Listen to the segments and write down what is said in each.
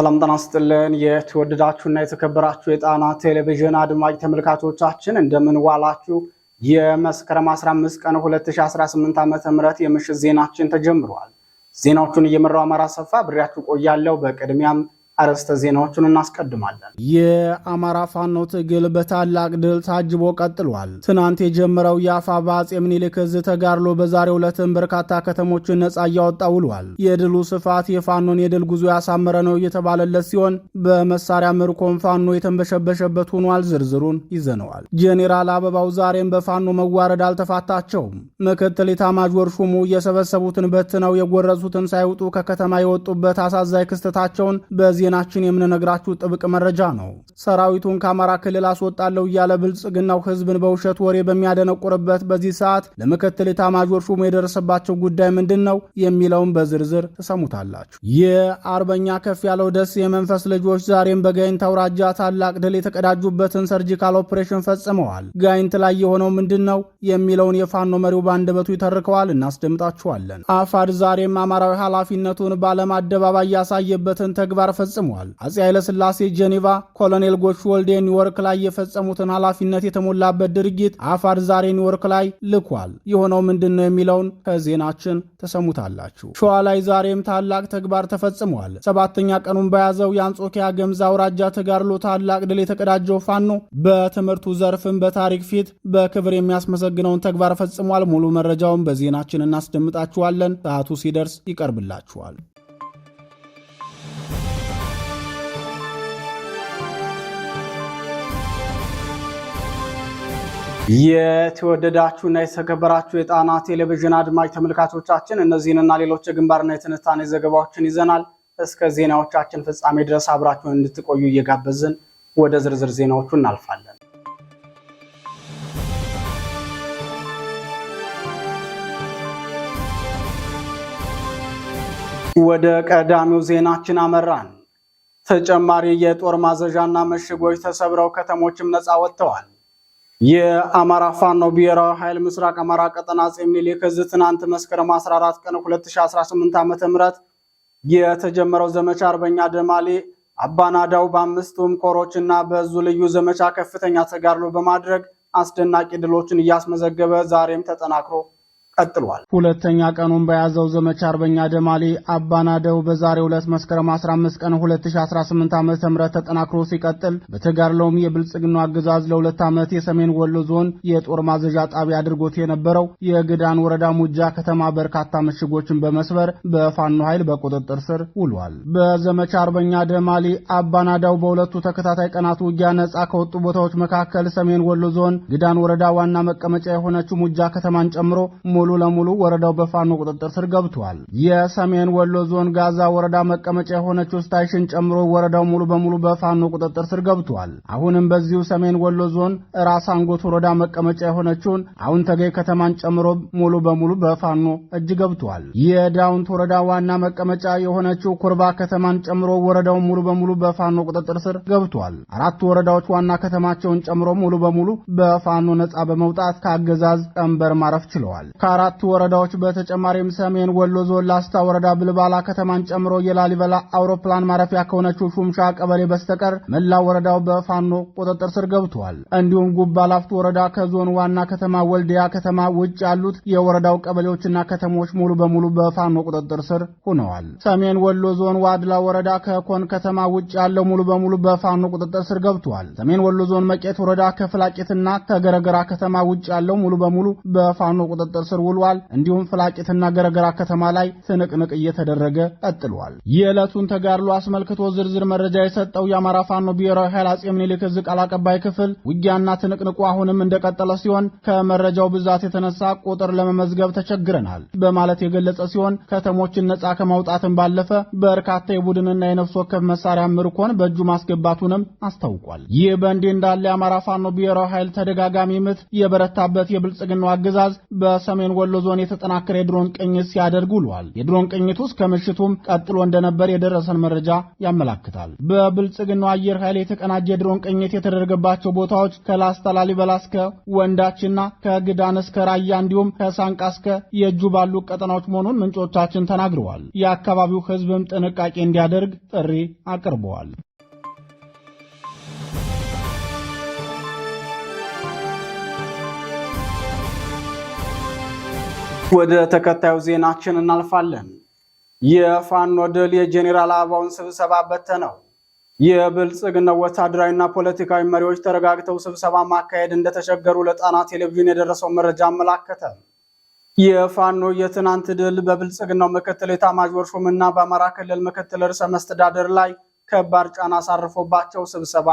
ሰላም ጤና ይስጥልን። የተወደዳችሁና የተከበራችሁ የጣና ቴሌቪዥን አድማጭ ተመልካቾቻችን እንደምን ዋላችሁ? የመስከረም 15 ቀን 2018 ዓ.ም የምሽት ዜናችን ተጀምሯል። ዜናዎቹን እየመራው አማራ ሰፋ ብሬያችሁ ቆያለሁ። በቅድሚያም አርዕስተ ዜናዎቹን እናስቀድማለን። የአማራ ፋኖ ትግል በታላቅ ድል ታጅቦ ቀጥሏል። ትናንት የጀመረው የአፋ አፄ ምኒልክ እዝ ተጋድሎ በዛሬ ዕለትም በርካታ ከተሞችን ነጻ እያወጣ ውሏል። የድሉ ስፋት የፋኖን የድል ጉዞ ያሳመረ ነው እየተባለለት ሲሆን በመሳሪያ ምርኮን ፋኖ የተንበሸበሸበት ሆኗል። ዝርዝሩን ይዘነዋል። ጄኔራል አበባው ዛሬም በፋኖ መዋረድ አልተፋታቸውም። ምክትል ኤታማዦር ሹሙ እየሰበሰቡትን በትነው የጎረሱትን ሳይውጡ ከከተማ የወጡበት አሳዛኝ ክስተታቸውን በዚህ ለዜናችን የምንነግራችሁ ጥብቅ መረጃ ነው። ሰራዊቱን ከአማራ ክልል አስወጣለሁ እያለ ብልጽግናው ህዝብን በውሸት ወሬ በሚያደነቁርበት በዚህ ሰዓት ለምክትል ኤታማዦር ሹሙ የደረሰባቸው ጉዳይ ምንድን ነው የሚለውን በዝርዝር ትሰሙታላችሁ። የአርበኛ ከፍ ያለው ደስ የመንፈስ ልጆች ዛሬም በጋይንት አውራጃ ታላቅ ድል የተቀዳጁበትን ሰርጂካል ኦፕሬሽን ፈጽመዋል። ጋይንት ላይ የሆነው ምንድን ነው የሚለውን የፋኖ መሪው በአንደበቱ ይተርከዋል። እናስደምጣችኋለን። አፋድ ዛሬም አማራዊ ኃላፊነቱን በዓለም አደባባይ ያሳየበትን ተግባር ፈ ፈጽሟል። አጼ ኃይለሥላሴ ጄኔቫ፣ ኮሎኔል ጎሹ ወልዴ ኒውዮርክ ላይ የፈጸሙትን ኃላፊነት የተሞላበት ድርጊት አፋር ዛሬ ኒውዮርክ ላይ ልኳል። የሆነው ምንድን ነው የሚለውን ከዜናችን ተሰሙታላችሁ። ሸዋ ላይ ዛሬም ታላቅ ተግባር ተፈጽሟል። ሰባተኛ ቀኑን በያዘው የአንጾኪያ ገምዛ አውራጃ ተጋድሎ ታላቅ ድል የተቀዳጀው ፋኖ በትምህርቱ ዘርፍም በታሪክ ፊት በክብር የሚያስመሰግነውን ተግባር ፈጽሟል። ሙሉ መረጃውን በዜናችን እናስደምጣችኋለን። ሰዓቱ ሲደርስ ይቀርብላችኋል። እና የተከበራችሁ የጣና ቴሌቪዥን አድማጭ ተመልካቾቻችን እነዚህንና ሌሎች የግንባርና የትንታኔ ዘገባዎችን ይዘናል። እስከ ዜናዎቻችን ፍጻሜ ድረስ አብራችሁን እንድትቆዩ እየጋበዝን ወደ ዝርዝር ዜናዎቹ እናልፋለን። ወደ ቀዳሚው ዜናችን አመራን። ተጨማሪ የጦር ማዘዣና ምሽጎች ተሰብረው ከተሞችም ነፃ ወጥተዋል። የአማራ ፋኖ ብሔራዊ ኃይል ምስራቅ አማራ ቀጠና አፄ ምኒልክ ዕዝ ትናንት መስከረም 14 ቀን 2018 ዓ.ም የተጀመረው ዘመቻ አርበኛ ደማሌ አባናዳው በአምስቱም ኮሮች እና በዙ ልዩ ዘመቻ ከፍተኛ ተጋድሎ በማድረግ አስደናቂ ድሎችን እያስመዘገበ ዛሬም ተጠናክሮ ቀጥሏል። ሁለተኛ ቀኑን በያዘው ዘመቻ አርበኛ ደማሊ አባናደው በዛሬ ሁለት መስከረም 15 ቀን 2018 ዓ ም ተጠናክሮ ሲቀጥል በተጋድለውም የብልጽግናው አገዛዝ ለሁለት ዓመት የሰሜን ወሎ ዞን የጦር ማዘዣ ጣቢያ አድርጎት የነበረው የግዳን ወረዳ ሙጃ ከተማ በርካታ ምሽጎችን በመስበር በፋኖ ኃይል በቁጥጥር ስር ውሏል። በዘመቻ አርበኛ ደማሊ አባናዳው በሁለቱ ተከታታይ ቀናት ውጊያ ነጻ ከወጡ ቦታዎች መካከል ሰሜን ወሎ ዞን ግዳን ወረዳ ዋና መቀመጫ የሆነችው ሙጃ ከተማን ጨምሮ ሙሉ ሙሉ ለሙሉ ወረዳው በፋኖ ቁጥጥር ስር ገብቷል። የሰሜን ወሎ ዞን ጋዛ ወረዳ መቀመጫ የሆነችው ስታይሽን ጨምሮ ወረዳው ሙሉ በሙሉ በፋኖ ቁጥጥር ስር ገብቷል። አሁንም በዚሁ ሰሜን ወሎ ዞን ራስ አንጎት ወረዳ መቀመጫ የሆነችውን አሁን ተገይ ከተማን ጨምሮ ሙሉ በሙሉ በፋኖ እጅ ገብቷል። የዳውንት ወረዳ ዋና መቀመጫ የሆነችው ኩርባ ከተማን ጨምሮ ወረዳው ሙሉ በሙሉ በፋኖ ቁጥጥር ስር ገብቷል። አራት ወረዳዎች ዋና ከተማቸውን ጨምሮ ሙሉ በሙሉ በፋኖ ነጻ በመውጣት ከአገዛዝ ቀንበር ማረፍ ችለዋል። አራቱ ወረዳዎች በተጨማሪም ሰሜን ወሎ ዞን ላስታ ወረዳ ብልባላ ከተማን ጨምሮ የላሊበላ አውሮፕላን ማረፊያ ከሆነችው ሹምሻ ቀበሌ በስተቀር መላ ወረዳው በፋኖ ቁጥጥር ስር ገብቷል። እንዲሁም ጉባ ላፍቶ ወረዳ ከዞን ዋና ከተማ ወልዲያ ከተማ ውጭ ያሉት የወረዳው ቀበሌዎችና ከተሞች ሙሉ በሙሉ በፋኖ ቁጥጥር ስር ሆነዋል። ሰሜን ወሎ ዞን ዋድላ ወረዳ ከኮን ከተማ ውጭ ያለው ሙሉ በሙሉ በፋኖ ቁጥጥር ስር ገብቷል። ሰሜን ወሎ ዞን መቄት ወረዳ ከፍላቄትና ከገረገራ ከተማ ውጭ ያለው ሙሉ በሙሉ በፋኖ ቁጥጥር ስር ስር ውሏል። እንዲሁም ፍላቂትና ገረገራ ከተማ ላይ ትንቅንቅ እየተደረገ ቀጥሏል። የዕለቱን ተጋድሎ አስመልክቶ ዝርዝር መረጃ የሰጠው የአማራ ፋኖ ብሔራዊ ኃይል አጼ ምኒልክ ዝ ቃል አቀባይ ክፍል ውጊያና ትንቅንቁ አሁንም እንደቀጠለ ሲሆን ከመረጃው ብዛት የተነሳ ቁጥር ለመመዝገብ ተቸግረናል በማለት የገለጸ ሲሆን ከተሞችን ነጻ ከማውጣትን ባለፈ በርካታ የቡድንና የነፍስ ወከፍ መሳሪያ ምርኮን በእጁ ማስገባቱንም አስታውቋል። ይህ በእንዲህ እንዳለ የአማራ ፋኖ ብሔራዊ ኃይል ተደጋጋሚ ምት የበረታበት የብልጽግናው አገዛዝ በሰሜኑ ሰሜን ወሎ ዞን የተጠናከረ የድሮን ቅኝት ሲያደርግ ውሏል። የድሮን ቅኝቱ ውስጥ ከምሽቱም ቀጥሎ እንደነበር የደረሰን መረጃ ያመላክታል። በብልጽግናው አየር ኃይል የተቀናጀ የድሮን ቅኝት የተደረገባቸው ቦታዎች ከላስታ ላሊበላ እስከ ወንዳችና ከግዳን እስከ ራያ እንዲሁም ከሳንቃ እስከ የእጁ ባሉ ቀጠናዎች መሆኑን ምንጮቻችን ተናግረዋል። የአካባቢው ሕዝብም ጥንቃቄ እንዲያደርግ ጥሪ አቅርበዋል። ወደ ተከታዩ ዜናችን እናልፋለን። የፋኖ ድል የጄኔራል አበባውን ስብሰባ በተነው። የብልጽግናው ወታደራዊና ፖለቲካዊ መሪዎች ተረጋግተው ስብሰባ ማካሄድ እንደተቸገሩ ለጣና ቴሌቪዥን የደረሰው መረጃ አመላከተ። የፋኖ የትናንት ድል በብልጽግናው ምክትል ኤታማዦር ሹምና በአማራ ክልል ምክትል ርዕሰ መስተዳደር ላይ ከባድ ጫና አሳርፎባቸው ስብሰባ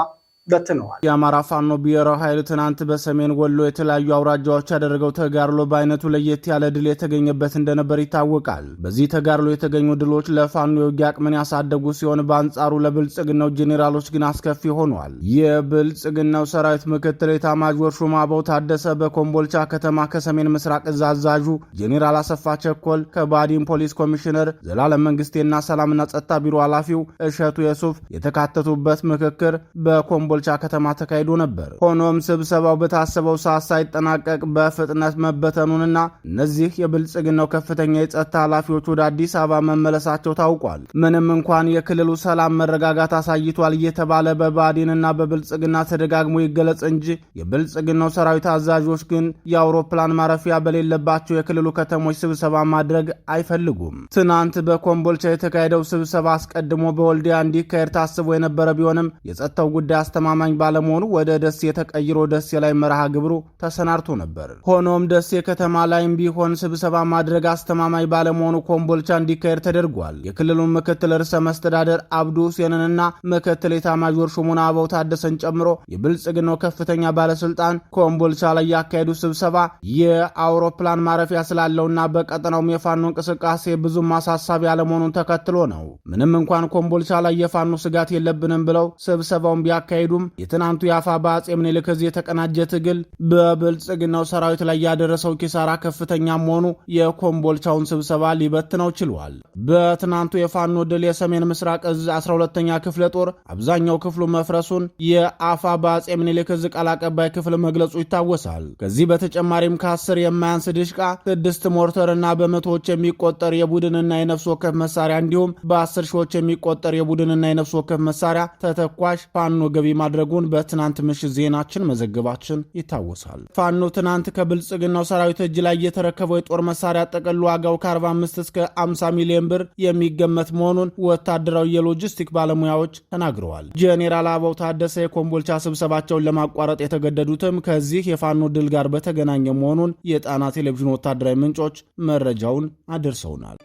በትነዋል። የአማራ ፋኖ ብሔራዊ ኃይል ትናንት በሰሜን ወሎ የተለያዩ አውራጃዎች ያደረገው ተጋድሎ በአይነቱ ለየት ያለ ድል የተገኘበት እንደነበር ይታወቃል። በዚህ ተጋድሎ የተገኙ ድሎች ለፋኖ የውጊያ አቅምን ያሳደጉ ሲሆን፣ በአንጻሩ ለብልጽግናው ጄኔራሎች ግን አስከፊ ሆኗል። የብልጽግናው ሰራዊት ምክትል ኤታማዦር ሹም አበው ታደሰ በኮምቦልቻ ከተማ ከሰሜን ምስራቅ እዝ አዛዡ ጄኔራል አሰፋ ቸኮል ከባዲን ፖሊስ ኮሚሽነር ዘላለም መንግስቴና ሰላምና ጸጥታ ቢሮ ኃላፊው እሸቱ የሱፍ የተካተቱበት ምክክር በኮምቦ ኮልቻ ከተማ ተካሂዶ ነበር። ሆኖም ስብሰባው በታሰበው ሰዓት ሳይጠናቀቅ በፍጥነት መበተኑንና እነዚህ የብልጽግናው ከፍተኛ የጸጥታ ኃላፊዎች ወደ አዲስ አበባ መመለሳቸው ታውቋል። ምንም እንኳን የክልሉ ሰላም መረጋጋት አሳይቷል እየተባለ በባዴንና በብልጽግና ተደጋግሞ ይገለጽ እንጂ የብልጽግናው ሰራዊት አዛዦች ግን የአውሮፕላን ማረፊያ በሌለባቸው የክልሉ ከተሞች ስብሰባ ማድረግ አይፈልጉም። ትናንት በኮምቦልቻ የተካሄደው ስብሰባ አስቀድሞ በወልዲያ እንዲካሄድ ታስቦ የነበረ ቢሆንም የጸጥታው ጉዳይ አስተማ አስተማማኝ ባለመሆኑ ወደ ደሴ ተቀይሮ ደሴ ላይ መርሃ ግብሩ ተሰናድቶ ነበር። ሆኖም ደሴ ከተማ ላይም ቢሆን ስብሰባ ማድረግ አስተማማኝ ባለመሆኑ ኮምቦልቻ እንዲካሄድ ተደርጓል። የክልሉን ምክትል ርዕሰ መስተዳደር አብዱ ሁሴንንና ምክትል ኤታማዦር ሹሙን አበው ታደሰን ጨምሮ የብልጽግናው ከፍተኛ ባለስልጣን ኮምቦልቻ ላይ ያካሄዱ ስብሰባ የአውሮፕላን ማረፊያ ስላለውና በቀጠናውም የፋኖ እንቅስቃሴ ብዙም ማሳሳቢ ያለመሆኑን ተከትሎ ነው። ምንም እንኳን ኮምቦልቻ ላይ የፋኖ ስጋት የለብንም ብለው ስብሰባውን ቢያካሄዱ በመካሄዱም የትናንቱ የአፋ በአጼ ምኒልክ እዝ የተቀናጀ ትግል በብልጽግናው ሰራዊት ላይ ያደረሰው ኪሳራ ከፍተኛ መሆኑ የኮምቦልቻውን ስብሰባ ሊበትነው ችሏል። በትናንቱ የፋኖ ድል የሰሜን ምስራቅ እዝ 12ኛ ክፍለ ጦር አብዛኛው ክፍሉ መፍረሱን የአፋ በአጼ ምኒልክ እዝ ቃል አቀባይ ክፍል መግለጹ ይታወሳል። ከዚህ በተጨማሪም ከአስር የማያንስ ድሽቃ፣ ስድስት ሞርተርና በመቶዎች የሚቆጠር የቡድንና የነፍስ ወከፍ መሳሪያ እንዲሁም በአስር ሺዎች የሚቆጠር የቡድንና የነፍስ ወከፍ መሳሪያ ተተኳሽ ፋኖ ገቢ ማድረጉን በትናንት ምሽት ዜናችን መዘገባችን ይታወሳል። ፋኖ ትናንት ከብልጽግናው ሰራዊት እጅ ላይ የተረከበው የጦር መሳሪያ ጥቅል ዋጋው ከ45 እስከ 50 ሚሊዮን ብር የሚገመት መሆኑን ወታደራዊ የሎጂስቲክ ባለሙያዎች ተናግረዋል። ጄኔራል አበባው ታደሰ የኮምቦልቻ ስብሰባቸውን ለማቋረጥ የተገደዱትም ከዚህ የፋኖ ድል ጋር በተገናኘ መሆኑን የጣና ቴሌቪዥን ወታደራዊ ምንጮች መረጃውን አድርሰውናል።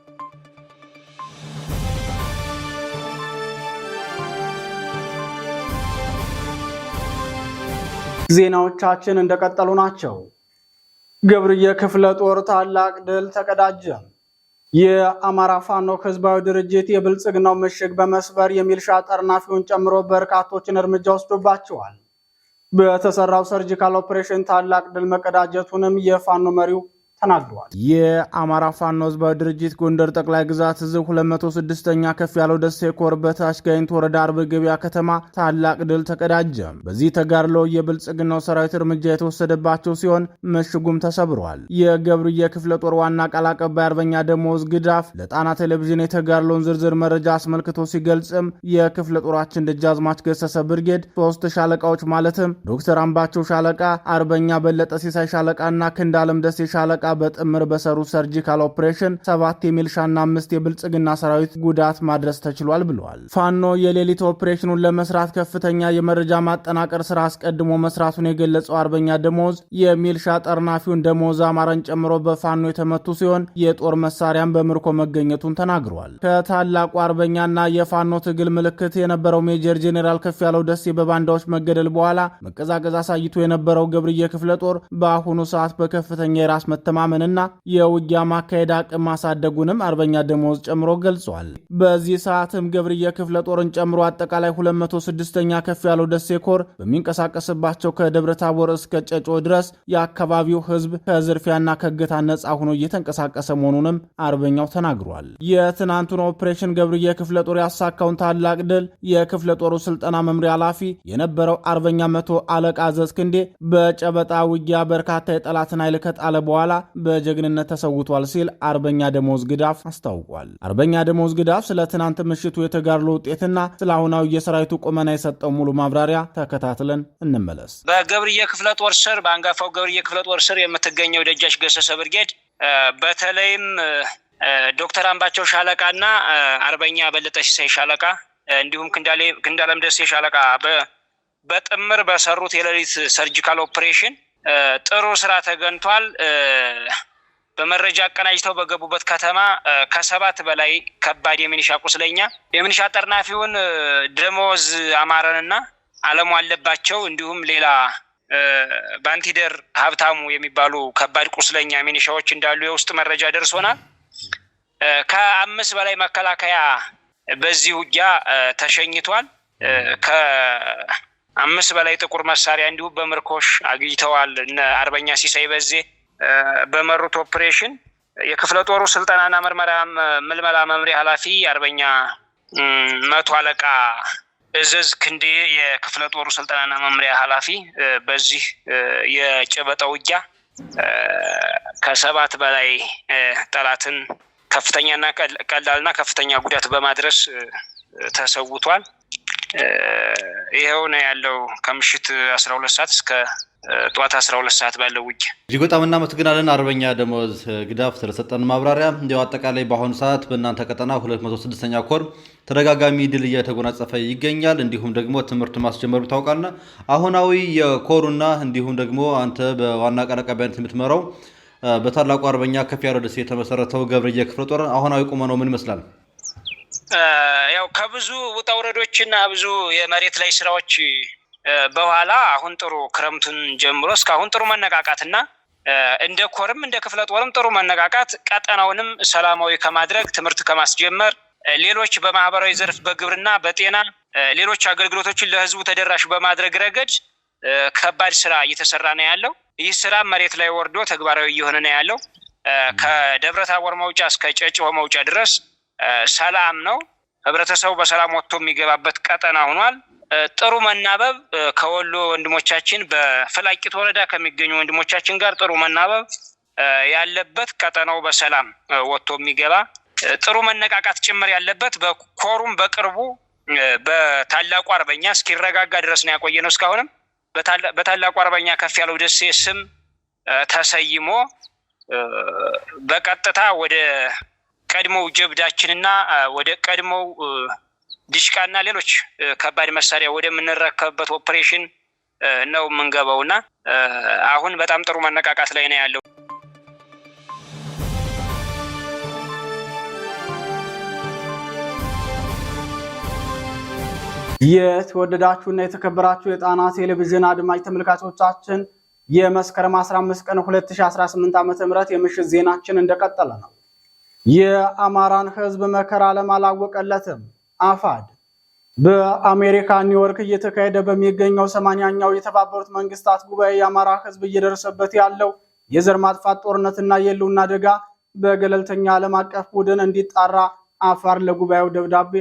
ዜናዎቻችን እንደቀጠሉ ናቸው። ገብርዬ ክፍለ ጦር ታላቅ ድል ተቀዳጀ። የአማራ ፋኖ ህዝባዊ ድርጅት የብልጽግናው ምሽግ በመስበር የሚልሻ ጠርናፊውን ጨምሮ በርካቶችን እርምጃ ወስዶባቸዋል። በተሰራው ሰርጂካል ኦፕሬሽን ታላቅ ድል መቀዳጀቱንም የፋኖ መሪው ተናግረዋል። የአማራ ፋኖ ህዝባዊ ድርጅት ጎንደር ጠቅላይ ግዛት ህዝብ 206ኛ ከፍ ያለው ደሴ ኮር በታች ጋይንት ወረዳ አርብ ገበያ ከተማ ታላቅ ድል ተቀዳጀ። በዚህ ተጋድሎ የብልጽግናው ሰራዊት እርምጃ የተወሰደባቸው ሲሆን ምሽጉም ተሰብሯል። የገብርዬ ክፍለ ጦር ዋና ቃል አቀባይ አርበኛ ደሞዝ ግዳፍ ለጣና ቴሌቪዥን የተጋድሎውን ዝርዝር መረጃ አስመልክቶ ሲገልጽም የክፍለ ጦራችን ደጃዝማች ገሰሰ ብርጌድ ሶስት ሻለቃዎች ማለትም ዶክተር አምባቸው ሻለቃ፣ አርበኛ በለጠ ሲሳይ ሻለቃ እና ክንዳለም ደሴ ሻለቃ በጥምር በሰሩት ሰርጂካል ኦፕሬሽን ሰባት የሚልሻና አምስት የብልጽግና ሰራዊት ጉዳት ማድረስ ተችሏል ብለዋል። ፋኖ የሌሊት ኦፕሬሽኑን ለመስራት ከፍተኛ የመረጃ ማጠናቀር ስራ አስቀድሞ መስራቱን የገለጸው አርበኛ ደሞዝ የሚልሻ ጠርናፊውን ደሞዝ አማራን ጨምሮ በፋኖ የተመቱ ሲሆን የጦር መሳሪያም በምርኮ መገኘቱን ተናግረዋል። ከታላቁ አርበኛና የፋኖ ትግል ምልክት የነበረው ሜጀር ጄኔራል ከፍ ያለው ደሴ በባንዳዎች መገደል በኋላ መቀዛቀዝ አሳይቶ የነበረው ገብርዬ ክፍለ ጦር በአሁኑ ሰዓት በከፍተኛ የራስ መተማ ማመንና የውጊያ ማካሄድ አቅም ማሳደጉንም አርበኛ ደሞዝ ጨምሮ ገልጿል። በዚህ ሰዓትም ገብርየ ክፍለ ጦርን ጨምሮ አጠቃላይ 206ኛ ከፍ ያለው ደሴ ኮር በሚንቀሳቀስባቸው ከደብረ ታቦር እስከ ጨጮ ድረስ የአካባቢው ህዝብ ከዝርፊያና ከእገታ ነጻ ሆኖ እየተንቀሳቀሰ መሆኑንም አርበኛው ተናግሯል። የትናንቱን ኦፕሬሽን ገብርየ ክፍለ ጦር ያሳካውን ታላቅ ድል የክፍለ ጦሩ ስልጠና መምሪያ ኃላፊ የነበረው አርበኛ መቶ አለቃ ዘዝክንዴ በጨበጣ ውጊያ በርካታ የጠላትን ኃይል ከጣለ በኋላ በጀግንነት ተሰውቷል ሲል አርበኛ ደሞዝ ግዳፍ አስታውቋል። አርበኛ ደሞዝ ግዳፍ ስለ ትናንት ምሽቱ የተጋድሎ ውጤትና ስለ አሁናዊ የሰራዊቱ ቁመና የሰጠው ሙሉ ማብራሪያ ተከታትለን እንመለስ። በገብርዬ ክፍለ ጦር ስር በአንጋፋው ገብርዬ ክፍለ ጦር ስር የምትገኘው ደጃች ገሰሰ ብርጌድ በተለይም ዶክተር አምባቸው ሻለቃ አርበኛ በለጠ ሲሳይ ሻለቃ እንዲሁም ክንዳለም ደሴ ሻለቃ በጥምር በሰሩት የሌሊት ሰርጂካል ኦፕሬሽን ጥሩ ስራ ተገንቷል። በመረጃ አቀናጅተው በገቡበት ከተማ ከሰባት በላይ ከባድ የሚኒሻ ቁስለኛ፣ የሚኒሻ ጠርናፊውን ደሞዝ አማረንና አለሙ አለባቸው እንዲሁም ሌላ ባንቲደር ሀብታሙ የሚባሉ ከባድ ቁስለኛ ሚኒሻዎች እንዳሉ የውስጥ መረጃ ደርሶናል። ከአምስት በላይ መከላከያ በዚህ ውጊያ ተሸኝቷል። አምስት በላይ ጥቁር መሳሪያ እንዲሁም በምርኮሽ አግኝተዋል። እነ አርበኛ ሲሳይ በዚህ በመሩት ኦፕሬሽን የክፍለ ጦሩ ስልጠናና ምርመራ ምልመላ መምሪያ ኃላፊ አርበኛ መቶ አለቃ እዘዝ ክንዴ የክፍለ ጦሩ ስልጠናና መምሪያ ኃላፊ በዚህ የጨበጠ ውጊያ ከሰባት በላይ ጠላትን ከፍተኛና ቀላልና ከፍተኛ ጉዳት በማድረስ ተሰውቷል። ይኸው ነው ያለው ከምሽት አስራ ሁለት ሰዓት እስከ ጠዋት 12 ሰዓት ባለው ውጊያ። እጅግ በጣም እናመሰግናለን አርበኛ ደሞዝ ግዳፍ ስለሰጠን ማብራሪያ። እንዲያው አጠቃላይ በአሁኑ ሰዓት በእናንተ ቀጠና 206ኛ ኮር ተደጋጋሚ ድል እየተጎናጸፈ ይገኛል። እንዲሁም ደግሞ ትምህርት ማስጀመሩ ታውቃልና አሁናዊ የኮሩና እንዲሁም ደግሞ አንተ በዋና ቃል አቀባይነት የምትመራው በታላቁ አርበኛ ከፍ ያለው ደሴ የተመሰረተው ገብርዬ ክፍለ ጦር አሁናዊ ቁመናው ምን ይመስላል? ያው ከብዙ ውጣ ውረዶች እና ብዙ የመሬት ላይ ስራዎች በኋላ አሁን ጥሩ ክረምቱን ጀምሮ እስካሁን ጥሩ መነቃቃት እና እንደ ኮርም እንደ ክፍለ ጦርም ጥሩ መነቃቃት ቀጠናውንም ሰላማዊ ከማድረግ ትምህርት ከማስጀመር ሌሎች በማህበራዊ ዘርፍ በግብርና በጤና ሌሎች አገልግሎቶችን ለህዝቡ ተደራሽ በማድረግ ረገድ ከባድ ስራ እየተሰራ ነው ያለው። ይህ ስራ መሬት ላይ ወርዶ ተግባራዊ እየሆነ ነው ያለው። ከደብረ ታቦር መውጫ እስከ ጨጭሆ መውጫ ድረስ ሰላም ነው። ህብረተሰቡ በሰላም ወጥቶ የሚገባበት ቀጠና ሆኗል። ጥሩ መናበብ ከወሎ ወንድሞቻችን በፍላቂት ወረዳ ከሚገኙ ወንድሞቻችን ጋር ጥሩ መናበብ ያለበት ቀጠናው በሰላም ወጥቶ የሚገባ ጥሩ መነቃቃት ጭምር ያለበት በኮሩም በቅርቡ በታላቁ አርበኛ እስኪረጋጋ ድረስ ነው ያቆየ ነው። እስካሁንም በታላቁ አርበኛ ከፍ ያለው ደሴ ስም ተሰይሞ በቀጥታ ወደ ቀድሞው ጀብዳችንና ወደ ቀድሞው ዲሽቃና ሌሎች ከባድ መሳሪያ ወደምንረከብበት ኦፕሬሽን ነው እና አሁን በጣም ጥሩ መነቃቃት ላይ ነው ያለው። የተወደዳችሁና የተከበራችሁ የጣና ቴሌቪዥን አድማጭ ተመልካቾቻችን የመስከረም 15 ቀን 2018 ም የምሽት ዜናችን እንደቀጠለ ነው። የአማራን ህዝብ መከራ ለማላወቀለትም አፋድ በአሜሪካ ኒውዮርክ እየተካሄደ በሚገኘው ሰማንያኛው የተባበሩት መንግስታት ጉባኤ የአማራ ህዝብ እየደረሰበት ያለው የዘር ማጥፋት ጦርነትና የህልውና አደጋ በገለልተኛ ዓለም አቀፍ ቡድን እንዲጣራ አፋር ለጉባኤው ደብዳቤ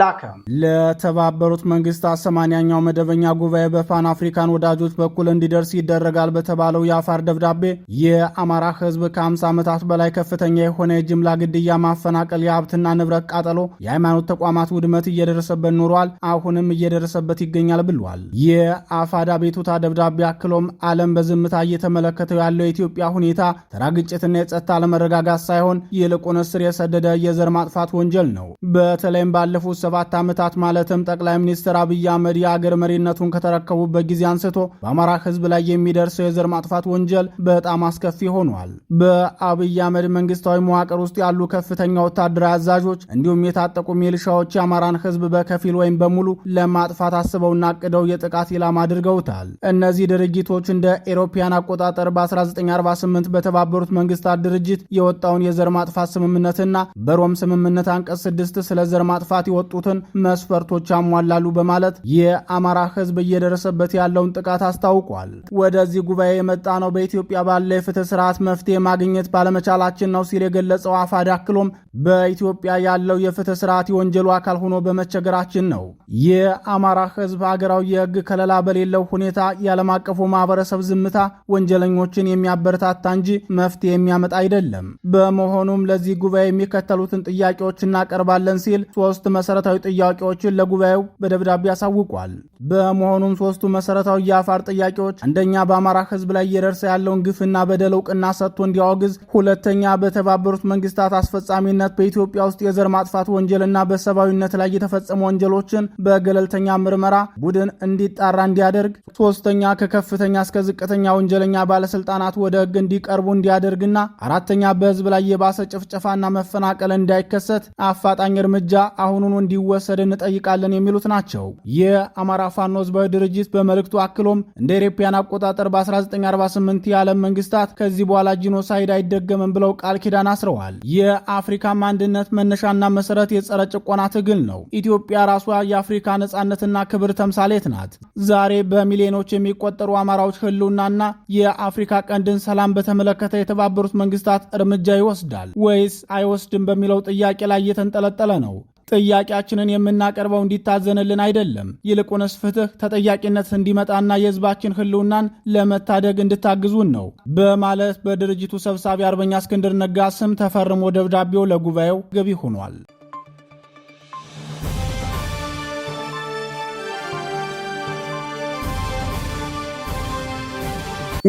ላከ። ለተባበሩት መንግስታት ሰማንያኛው መደበኛ ጉባኤ በፓን አፍሪካን ወዳጆች በኩል እንዲደርስ ይደረጋል በተባለው የአፋር ደብዳቤ የአማራ ህዝብ ከ50 ዓመታት በላይ ከፍተኛ የሆነ የጅምላ ግድያ፣ ማፈናቀል፣ የሀብትና ንብረት ቃጠሎ፣ የሃይማኖት ተቋማት ውድመት እየደረሰበት ኖሯል፣ አሁንም እየደረሰበት ይገኛል ብሏል። የአፋዳ ቤቱታ ደብዳቤ አክሎም ዓለም በዝምታ እየተመለከተው ያለው የኢትዮጵያ ሁኔታ ተራ ግጭትና የጸጥታ አለመረጋጋት ሳይሆን ይልቁን ስር የሰደደ የዘር ማጥፋት ወንጀል ነው። በተለይም ባለፉት ሰባት ዓመታት ማለትም ጠቅላይ ሚኒስትር አብይ አህመድ የአገር መሪነቱን ከተረከቡበት ጊዜ አንስቶ በአማራ ህዝብ ላይ የሚደርሰው የዘር ማጥፋት ወንጀል በጣም አስከፊ ሆኗል። በአብይ አህመድ መንግስታዊ መዋቅር ውስጥ ያሉ ከፍተኛ ወታደራዊ አዛዦች እንዲሁም የታጠቁ ሚልሻዎች የአማራን ህዝብ በከፊል ወይም በሙሉ ለማጥፋት አስበውና አቅደው የጥቃት ኢላማ አድርገውታል። እነዚህ ድርጊቶች እንደ ኤሮፓያን አቆጣጠር በ1948 በተባበሩት መንግስታት ድርጅት የወጣውን የዘር ማጥፋት ስምምነትና በሮም ስምምነት አንቀጽ ስድስት ስለ ዘር ማጥፋት ይወጡ የወጡትን መስፈርቶች ያሟላሉ በማለት የአማራ ህዝብ እየደረሰበት ያለውን ጥቃት አስታውቋል። ወደዚህ ጉባኤ የመጣ ነው በኢትዮጵያ ባለ የፍትህ ስርዓት መፍትሄ ማግኘት ባለመቻላችን ነው ሲል የገለጸው አፋድ አክሎም በኢትዮጵያ ያለው የፍትህ ስርዓት የወንጀሉ አካል ሆኖ በመቸገራችን ነው። የአማራ ህዝብ ሀገራዊ የህግ ከለላ በሌለው ሁኔታ የዓለም አቀፉ ማህበረሰብ ዝምታ ወንጀለኞችን የሚያበረታታ እንጂ መፍትሄ የሚያመጣ አይደለም። በመሆኑም ለዚህ ጉባኤ የሚከተሉትን ጥያቄዎች እናቀርባለን ሲል ሶስት መሰረት መሰረታዊ ጥያቄዎችን ለጉባኤው በደብዳቤ አሳውቋል። በመሆኑም ሶስቱ መሰረታዊ የአፋር ጥያቄዎች አንደኛ፣ በአማራ ህዝብ ላይ እየደርሰ ያለውን ግፍና በደል እውቅና ሰጥቶ እንዲያወግዝ፣ ሁለተኛ፣ በተባበሩት መንግስታት አስፈጻሚነት በኢትዮጵያ ውስጥ የዘር ማጥፋት ወንጀልና በሰብአዊነት ላይ የተፈጸሙ ወንጀሎችን በገለልተኛ ምርመራ ቡድን እንዲጣራ እንዲያደርግ፣ ሶስተኛ፣ ከከፍተኛ እስከ ዝቅተኛ ወንጀለኛ ባለስልጣናት ወደ ህግ እንዲቀርቡ እንዲያደርግና አራተኛ፣ በህዝብ ላይ የባሰ ጭፍጨፋና መፈናቀል እንዳይከሰት አፋጣኝ እርምጃ አሁኑን እንዲወሰድ እንጠይቃለን የሚሉት ናቸው። የአማራ ፋኖ ህዝባዊ ድርጅት በመልእክቱ አክሎም እንደ ኢሮፓያን አቆጣጠር በ1948 የዓለም መንግስታት ከዚህ በኋላ ጂኖሳይድ አይደገምም ብለው ቃል ኪዳን አስረዋል። የአፍሪካም አንድነት መነሻና መሰረት የጸረ ጭቆና ትግል ነው። ኢትዮጵያ ራሷ የአፍሪካ ነጻነትና ክብር ተምሳሌት ናት። ዛሬ በሚሊዮኖች የሚቆጠሩ አማራዎች ህልውናና የአፍሪካ ቀንድን ሰላም በተመለከተ የተባበሩት መንግስታት እርምጃ ይወስዳል ወይስ አይወስድም በሚለው ጥያቄ ላይ እየተንጠለጠለ ነው። ጥያቄያችንን የምናቀርበው እንዲታዘንልን አይደለም፣ ይልቁንስ ፍትህ፣ ተጠያቂነት እንዲመጣና የህዝባችን ህልውናን ለመታደግ እንድታግዙን ነው በማለት በድርጅቱ ሰብሳቢ አርበኛ እስክንድር ነጋ ስም ተፈርሞ ደብዳቤው ለጉባኤው ገቢ ሆኗል።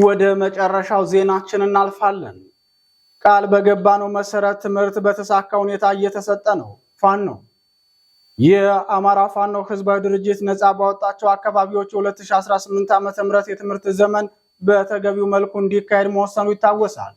ወደ መጨረሻው ዜናችን እናልፋለን። ቃል በገባነው መሰረት ትምህርት በተሳካ ሁኔታ እየተሰጠ ነው። ፋኖ የአማራ ፋኖ ህዝባዊ ድርጅት ነጻ ባወጣቸው አካባቢዎች 2018 ዓ ም የትምህርት ዘመን በተገቢው መልኩ እንዲካሄድ መወሰኑ ይታወሳል።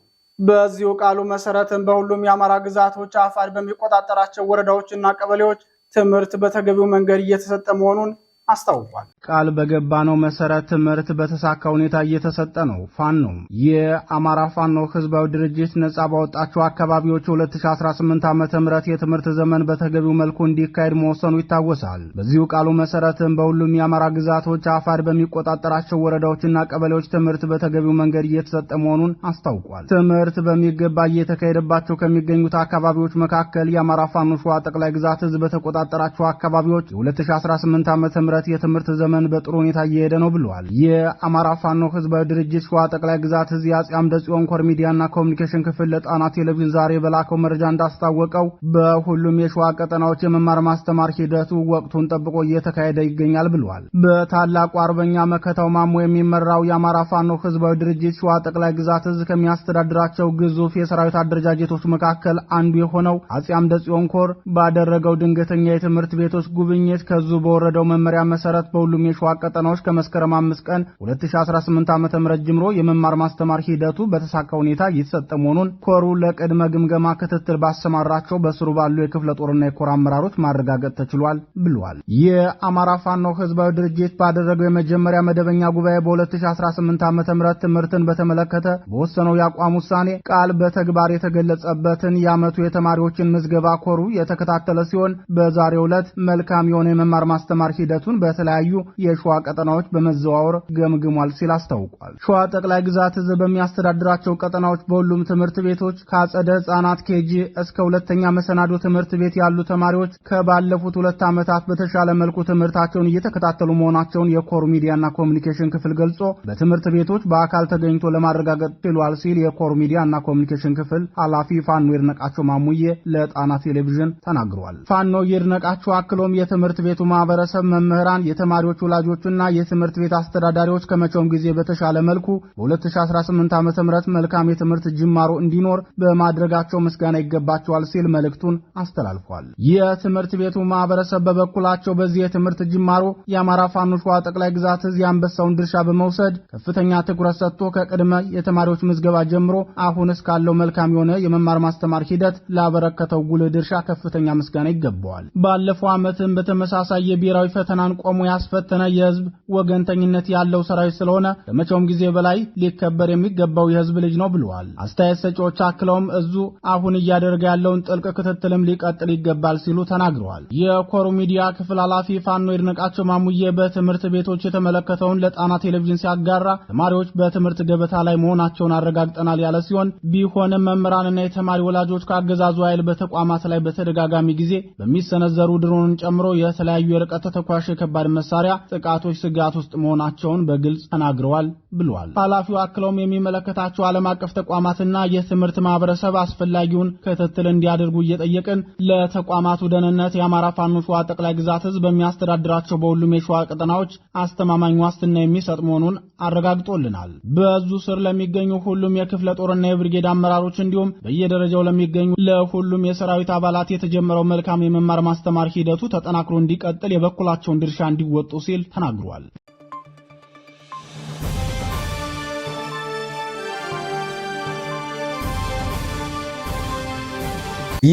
በዚሁ ቃሉ መሰረትም በሁሉም የአማራ ግዛቶች አፋድ በሚቆጣጠራቸው ወረዳዎችና ቀበሌዎች ትምህርት በተገቢው መንገድ እየተሰጠ መሆኑን አስታውቋል። ቃል በገባነው መሰረት ትምህርት በተሳካ ሁኔታ እየተሰጠ ነው። ፋኖ የአማራ ፋኖ ህዝባዊ ድርጅት ነጻ ባወጣቸው አካባቢዎች 2018 ዓ ም የትምህርት ዘመን በተገቢው መልኩ እንዲካሄድ መወሰኑ ይታወሳል። በዚሁ ቃሉ መሰረትም በሁሉም የአማራ ግዛቶች አፋድ በሚቆጣጠራቸው ወረዳዎችና ቀበሌዎች ትምህርት በተገቢው መንገድ እየተሰጠ መሆኑን አስታውቋል። ትምህርት በሚገባ እየተካሄደባቸው ከሚገኙት አካባቢዎች መካከል የአማራ ፋኖ ሸዋ ጠቅላይ ግዛት ህዝብ በተቆጣጠራቸው አካባቢዎች የ2018 ዓ ም መሰረት የትምህርት ዘመን በጥሩ ሁኔታ እየሄደ ነው ብለዋል። የአማራ ፋኖ ህዝባዊ ድርጅት ሸዋ ጠቅላይ ግዛት እዝ የአጼ አምደ ጽዮን ኮር ሚዲያና ኮሚኒኬሽን ክፍል ለጣና ቴሌቪዥን ዛሬ በላከው መረጃ እንዳስታወቀው በሁሉም የሸዋ ቀጠናዎች የመማር ማስተማር ሂደቱ ወቅቱን ጠብቆ እየተካሄደ ይገኛል ብለዋል። በታላቁ አርበኛ መከታው ማሞ የሚመራው የአማራ ፋኖ ህዝባዊ ድርጅት ሸዋ ጠቅላይ ግዛት እዝ ከሚያስተዳድራቸው ግዙፍ የሰራዊት አደረጃጀቶች መካከል አንዱ የሆነው አጼ አምደ ጽዮን ኮር ባደረገው ድንገተኛ የትምህርት ቤቶች ጉብኝት ከዙ በወረደው መመሪያ መሰረት በሁሉም የሸዋ ቀጠናዎች ከመስከረም አምስት ቀን 2018 ዓ ም ጀምሮ የመማር ማስተማር ሂደቱ በተሳካ ሁኔታ እየተሰጠ መሆኑን ኮሩ ለቅድመ ግምገማ ክትትል ባሰማራቸው በስሩ ባሉ የክፍለ ጦርና የኮር አመራሮች ማረጋገጥ ተችሏል ብሏል። የአማራ ፋኖ ህዝባዊ ድርጅት ባደረገው የመጀመሪያ መደበኛ ጉባኤ በ2018 ዓ ም ትምህርትን በተመለከተ በወሰነው የአቋም ውሳኔ ቃል በተግባር የተገለጸበትን የዓመቱ የተማሪዎችን ምዝገባ ኮሩ የተከታተለ ሲሆን በዛሬው ዕለት መልካም የሆነ የመማር ማስተማር ሂደቱን በተለያዩ የሸዋ ቀጠናዎች በመዘዋወር ገምግሟል ሲል አስታውቋል። ሸዋ ጠቅላይ ግዛት እዝ በሚያስተዳድራቸው ቀጠናዎች በሁሉም ትምህርት ቤቶች ከአጸደ ህጻናት ኬጂ እስከ ሁለተኛ መሰናዶ ትምህርት ቤት ያሉ ተማሪዎች ከባለፉት ሁለት ዓመታት በተሻለ መልኩ ትምህርታቸውን እየተከታተሉ መሆናቸውን የኮር ሚዲያና ኮሚኒኬሽን ክፍል ገልጾ በትምህርት ቤቶች በአካል ተገኝቶ ለማረጋገጥ ችሏል ሲል የኮር ሚዲያና ኮሚኒኬሽን ክፍል ኃላፊ ፋኖ ይድነቃቸው ማሙዬ ለጣና ቴሌቪዥን ተናግሯል። ፋኖ ይድነቃቸው አክሎም የትምህርት ቤቱ ማህበረሰብ መምህራ መምህራን፣ የተማሪዎች ወላጆችና የትምህርት ቤት አስተዳዳሪዎች ከመቼውም ጊዜ በተሻለ መልኩ በ2018 ዓ ም መልካም የትምህርት ጅማሮ እንዲኖር በማድረጋቸው ምስጋና ይገባቸዋል ሲል መልእክቱን አስተላልፏል። የትምህርት ቤቱ ማህበረሰብ በበኩላቸው በዚህ የትምህርት ጅማሮ የአማራ ፋኖ ሸዋ ጠቅላይ ግዛት እዝ የአንበሳውን ድርሻ በመውሰድ ከፍተኛ ትኩረት ሰጥቶ ከቅድመ የተማሪዎች ምዝገባ ጀምሮ አሁን እስካለው መልካም የሆነ የመማር ማስተማር ሂደት ላበረከተው ጉልህ ድርሻ ከፍተኛ ምስጋና ይገባዋል። ባለፈው ዓመትም በተመሳሳይ የብሔራዊ ፈተናን ቆሞ ያስፈተነ የህዝብ ወገንተኝነት ያለው ሰራዊት ስለሆነ ከመቼውም ጊዜ በላይ ሊከበር የሚገባው የህዝብ ልጅ ነው ብለዋል። አስተያየት ሰጪዎች አክለውም እዙ አሁን እያደረገ ያለውን ጥልቅ ክትትልም ሊቀጥል ይገባል ሲሉ ተናግረዋል። የኮሩ ሚዲያ ክፍል ኃላፊ ፋኖ ይድነቃቸው ማሙዬ በትምህርት ቤቶች የተመለከተውን ለጣና ቴሌቪዥን ሲያጋራ ተማሪዎች በትምህርት ገበታ ላይ መሆናቸውን አረጋግጠናል ያለ ሲሆን ቢሆንም መምህራንና የተማሪ ወላጆች ከአገዛዙ ኃይል በተቋማት ላይ በተደጋጋሚ ጊዜ በሚሰነዘሩ ድሮንን ጨምሮ የተለያዩ የርቀት ተተኳሽ የከባድ መሳሪያ ጥቃቶች ስጋት ውስጥ መሆናቸውን በግልጽ ተናግረዋል ብሏል። ኃላፊው አክለውም የሚመለከታቸው ዓለም አቀፍ ተቋማትና የትምህርት ማህበረሰብ አስፈላጊውን ክትትል እንዲያደርጉ እየጠየቅን ለተቋማቱ ደህንነት የአማራ ፋኖ ሸዋ ጠቅላይ ግዛት ህዝብ በሚያስተዳድራቸው በሁሉም የሸዋ ቀጠናዎች አስተማማኝ ዋስትና የሚሰጥ መሆኑን አረጋግጦልናል። በዙ ስር ለሚገኙ ሁሉም የክፍለ ጦርና የብርጌድ አመራሮች እንዲሁም በየደረጃው ለሚገኙ ለሁሉም የሰራዊት አባላት የተጀመረው መልካም የመማር ማስተማር ሂደቱ ተጠናክሮ እንዲቀጥል የበኩላቸውን ድርሻ እንዲወጡ ሲል ተናግሯል።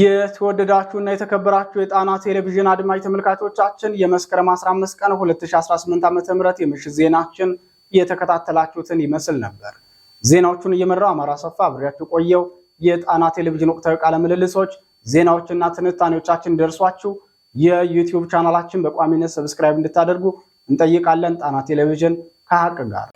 የተወደዳችሁና የተከበራችሁ የጣና ቴሌቪዥን አድማጭ ተመልካቾቻችን የመስከረም 15 ቀን 2018 ዓ.ም የምሽት ዜናችን የተከታተላችሁትን ይመስል ነበር። ዜናዎቹን እየመራው አማራ ሰፋ አብሬያችሁ ቆየው። የጣና ቴሌቪዥን ወቅታዊ ቃለ ምልልሶች፣ ዜናዎችና ትንታኔዎቻችን ደርሷችሁ የዩቲዩብ ቻናላችን በቋሚነት ሰብስክራይብ እንድታደርጉ እንጠይቃለን። ጣና ቴሌቪዥን ከሀቅ ጋር